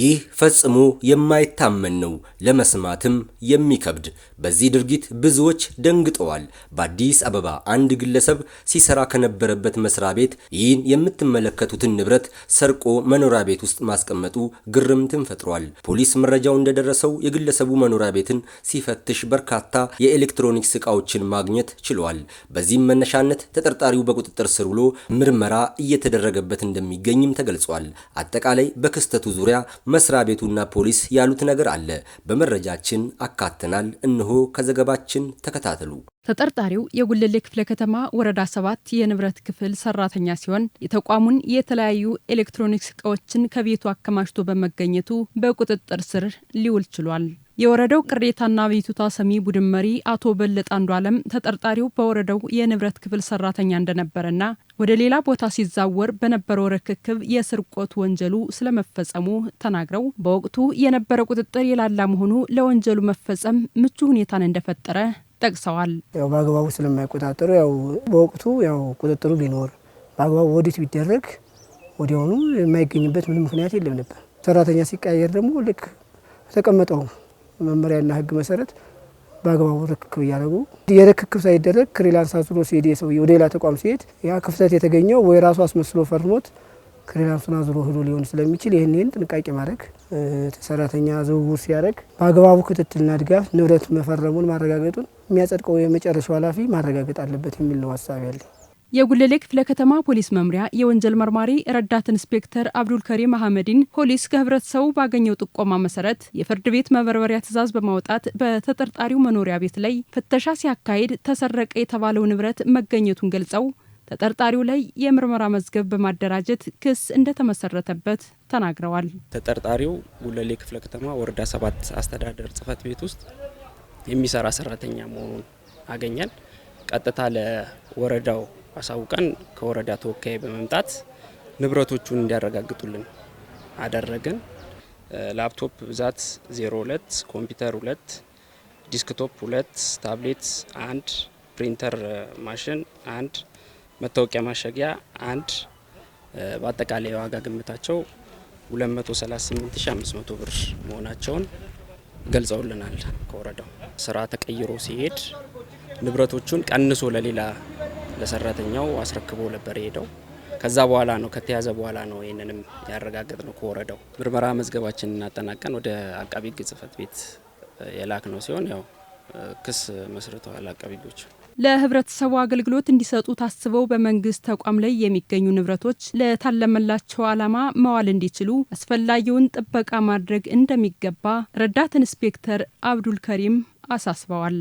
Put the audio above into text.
ይህ ፈጽሞ የማይታመን ነው፣ ለመስማትም የሚከብድ። በዚህ ድርጊት ብዙዎች ደንግጠዋል። በአዲስ አበባ አንድ ግለሰብ ሲሰራ ከነበረበት መስሪያ ቤት ይህን የምትመለከቱትን ንብረት ሰርቆ መኖሪያ ቤት ውስጥ ማስቀመጡ ግርምትን ፈጥሯል። ፖሊስ መረጃው እንደደረሰው የግለሰቡ መኖሪያ ቤትን ሲፈትሽ በርካታ የኤሌክትሮኒክስ ዕቃዎችን ማግኘት ችሏል። በዚህም መነሻነት ተጠርጣሪው በቁጥጥር ስር ውሎ ምርመራ እየተደረገበት እንደሚገኝም ተገልጿል። አጠቃላይ በክስተቱ ዙሪያ መስሪያ ቤቱና ፖሊስ ያሉት ነገር አለ። በመረጃችን አካተናል። እነሆ ከዘገባችን ተከታተሉ። ተጠርጣሪው የጉልሌ ክፍለ ከተማ ወረዳ ሰባት የንብረት ክፍል ሰራተኛ ሲሆን የተቋሙን የተለያዩ ኤሌክትሮኒክስ እቃዎችን ከቤቱ አከማችቶ በመገኘቱ በቁጥጥር ስር ሊውል ችሏል። የወረዳው ቅሬታና አቤቱታ ሰሚ ቡድን መሪ አቶ በለጠ አንዱ አለም ተጠርጣሪው በወረዳው የንብረት ክፍል ሰራተኛ እንደነበረና ወደ ሌላ ቦታ ሲዛወር በነበረው ርክክብ የስርቆት ወንጀሉ ስለመፈጸሙ ተናግረው በወቅቱ የነበረ ቁጥጥር የላላ መሆኑ ለወንጀሉ መፈጸም ምቹ ሁኔታን እንደፈጠረ ጠቅሰዋል። ያው በአግባቡ ስለማይቆጣጠሩ ያው በወቅቱ ያው ቁጥጥሩ ቢኖር በአግባቡ ወዲት ቢደረግ ወዲያውኑ የማይገኝበት ምንም ምክንያት የለም ነበር። ሰራተኛ ሲቀያየር ደግሞ ልክ ተቀመጠው መመሪያና ህግ መሰረት በአግባቡ ርክክብ እያደረጉ የርክክብ ሳይደረግ ክሪላንስ አዝሎ ሲሄድ የሰው ወደ ሌላ ተቋም ሲሄድ ያ ክፍተት የተገኘው ወይ ራሱ አስመስሎ ፈርሞት ክሪላንሱን አዝሎ ህዶ ሊሆን ስለሚችል ይህን ይህን ጥንቃቄ ማድረግ ሰራተኛ ዝውውር ሲያደርግ በአግባቡ ክትትልና ድጋፍ ንብረት መፈረሙን ማረጋገጡን የሚያጸድቀው የመጨረሻው ኃላፊ ማረጋገጥ አለበት የሚል ነው ሀሳብ ያለኝ። የጉለሌ ክፍለ ከተማ ፖሊስ መምሪያ የወንጀል መርማሪ ረዳት ኢንስፔክተር አብዱልከሪም አህመዲን ፖሊስ ከህብረተሰቡ ባገኘው ጥቆማ መሰረት የፍርድ ቤት መበርበሪያ ትዕዛዝ በማውጣት በተጠርጣሪው መኖሪያ ቤት ላይ ፍተሻ ሲያካሂድ ተሰረቀ የተባለው ንብረት መገኘቱን ገልጸው ተጠርጣሪው ላይ የምርመራ መዝገብ በማደራጀት ክስ እንደተመሰረተበት ተናግረዋል። ተጠርጣሪው ጉለሌ ክፍለ ከተማ ወረዳ ሰባት አስተዳደር ጽህፈት ቤት ውስጥ የሚሰራ ሰራተኛ መሆኑን አገኛል። ቀጥታ ለወረዳው አሳውቀን ከወረዳ ተወካይ በመምጣት ንብረቶቹን እንዲያረጋግጡልን አደረግን። ላፕቶፕ ብዛት 02፣ ኮምፒውተር 2፣ ዲስክቶፕ 2፣ ታብሌት አንድ፣ ፕሪንተር ማሽን አንድ፣ መታወቂያ ማሸጊያ አንድ። በአጠቃላይ የዋጋ ግምታቸው 238500 ብር መሆናቸውን ገልጸውልናል። ከወረዳው ስራ ተቀይሮ ሲሄድ ንብረቶቹን ቀንሶ ለሌላ ለሰራተኛው አስረክቦ ነበር የሄደው። ከዛ በኋላ ነው ከተያዘ በኋላ ነው ይህንንም ያረጋገጥ ነው ከወረደው ምርመራ መዝገባችን እናጠናቀን ወደ አቃቢ ሕግ ጽህፈት ቤት የላክ ነው ሲሆን ያው ክስ መስርተዋል አቃቢ ለህብረተሰቡ አገልግሎት እንዲሰጡ ታስበው በመንግስት ተቋም ላይ የሚገኙ ንብረቶች ለታለመላቸው ዓላማ መዋል እንዲችሉ አስፈላጊውን ጥበቃ ማድረግ እንደሚገባ ረዳት ኢንስፔክተር አብዱል ከሪም አሳስበዋል።